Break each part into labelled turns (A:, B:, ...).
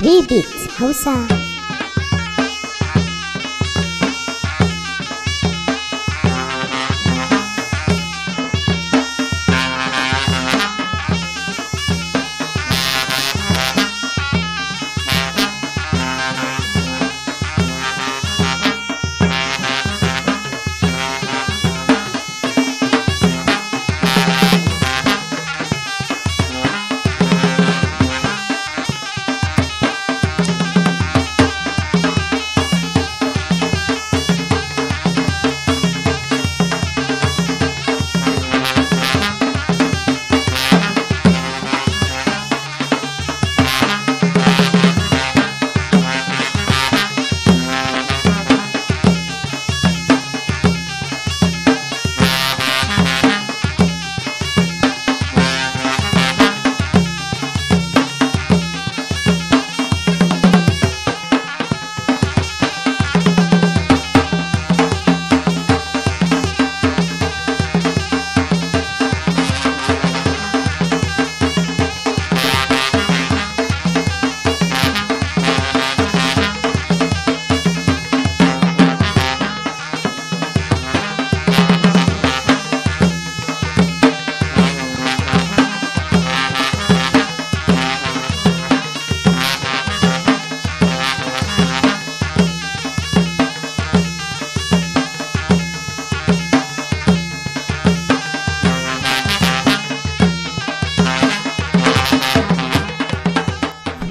A: Remix Hausa.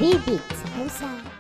B: 弟弟，
C: 投降。